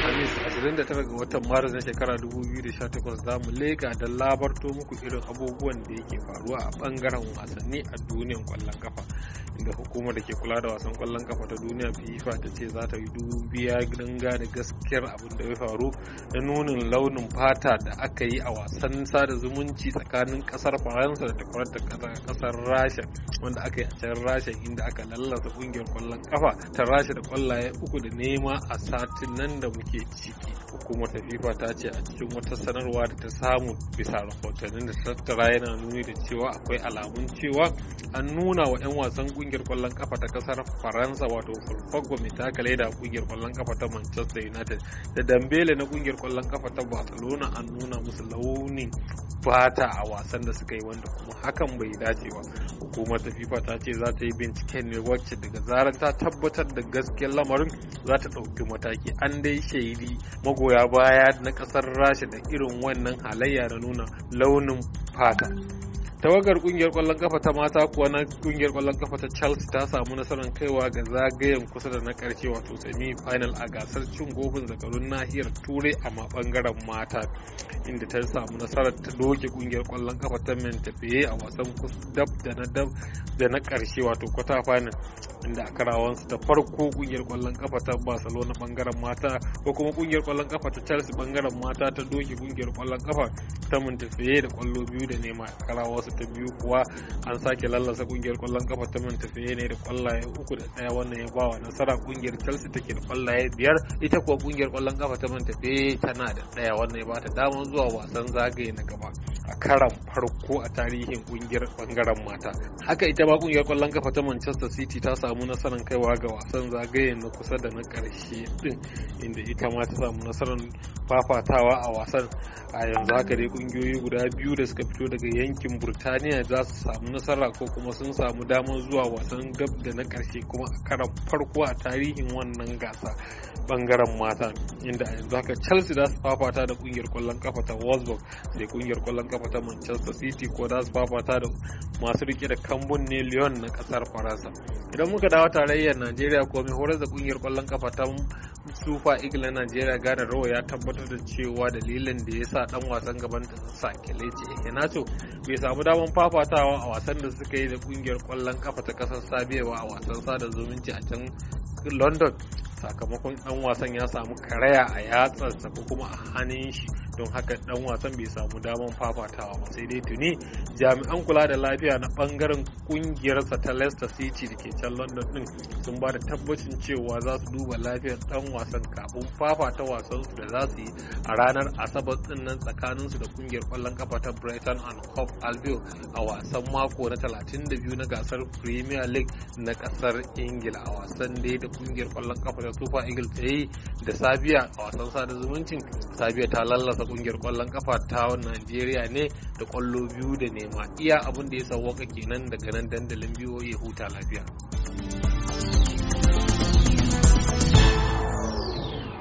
Gracias. 29 ga watan maris na shekara 2018 za mu leka da labarto muku irin abubuwan da yake faruwa a bangaren wasanni a duniyan kwallon kafa inda hukumar da ke kula da wasan kwallon kafa ta duniya fifa ta ce za ta yi dubiya gidan da gaskiyar abin da ya faru da nunin launin fata da aka yi a wasan sada zumunci tsakanin kasar faransa da takwarar kasar rasha wanda aka yi a can rasha inda aka lallasa kungiyar kwallon kafa ta rasha da kwallaye uku da nema a satin nan da muke ciki ciki hukumar ta fifa ta ce a cikin wata sanarwa da ta samu bisa rahotannin da tattara yana nuni da cewa akwai alamun cewa an nuna wa 'yan wasan kungiyar kwallon kafa ta kasar faransa wato fulfagwa mai takale da kungiyar kwallon kafa ta manchester united da dambele na kungiyar kwallon kafa ta barcelona an nuna musu launin fata a wasan da suka yi wanda kuma hakan bai dace ba hukumar ta fifa ta ce za ta yi binciken ne wacce daga zarar ta tabbatar da gaskiyar lamarin za ta ɗauki mataki an dai shaidi magoya baya na kasar rasha da irin wannan halayya da nuna launin fata tawagar kungiyar kwallon kafa ta mata kuwa na kungiyar kwallon kafa ta chelsea ta samu nasarar kaiwa ga zagayen kusa da na karshe wato semi final a gasar cin gofin zakarun nahiyar turai a bangaren mata inda ta samu nasarar ta doke kungiyar kwallon kafa ta mentafiye a wasan dab da na dab da na karshe wato kwata final inda a karawansu ta farko kungiyar kwallon kafa ta barcelona bangaren mata ko kuma kungiyar kwallon kafa ta chelsea bangaren mata ta doke kungiyar kwallon kafa ta montefiore da kwallo biyu da nema a karawansu ta biyu kuwa an sake lallasa kungiyar kwallon kafa ta montefiore ne da kwallaye uku da daya wannan ya bawa nasara kungiyar chelsea take da kwallaye biyar ita kuwa kungiyar kwallon kafa ta montefiore tana da daya wannan ya bata damar zuwa wasan zagaye na gaba karan farko a tarihin kungiyar bangaren mata haka ita ma kungiyar kwallon kafa ta manchester city ta samu nasarar kaiwa ga wasan zagaye na kusa da na karshe din inda ita ma ta samu nasarar fafatawa a wasan a yanzu haka dai kungiyoyi guda biyu da suka fito daga yankin burtaniya za su samu nasara ko kuma sun samu damar zuwa wasan gab da na karshe kuma a karan farko a tarihin wannan gasa bangaren mata inda a yanzu haka chelsea za su fafata da kungiyar kwallon kafa ta wolfsburg sai kungiyar kwallon kafa ta manchester city ko za su fafata da masu rike da kambun ne lyon na kasar faransa idan muka dawo tarayyar najeriya ko mai horar da kungiyar kwallon kafa ta sufa eagle na nigeria gane rawa ya tabbatar da cewa dalilin da ya sa dan wasan gaban da sa kelechi ekenacho bai samu damar fafatawa a wasan da suka yi da kungiyar kwallon kafa ta kasar sabiya a wasan sada zumunci a can london sakamakon dan wasan ya samu karaya a yatsarsa ko kuma a hannun shi don haka dan wasan bai samu damar fafatawa ba sai dai tuni jami'an kula da lafiya na bangaren ƙungiyar ta Leicester City da ke can London din sun ba da tabbacin cewa za su duba lafiyar dan wasan kafin fafata wasan su da za su yi a ranar Asabar din nan tsakanin su da kungiyar kwallon kafa ta Brighton and Hove Albion a wasan mako na 32 na gasar Premier League na kasar Ingila a wasan da da kungiyar kwallon kafa ta Super Eagles ta da Sabia a wasan sada zumuncin sabia ta lallasa kungiyar kwallon kafa ta Najeriya ne da kwallo biyu da nema iya abin da ya sauwaka kenan daga nan dandalin biyo ya huta lafiya.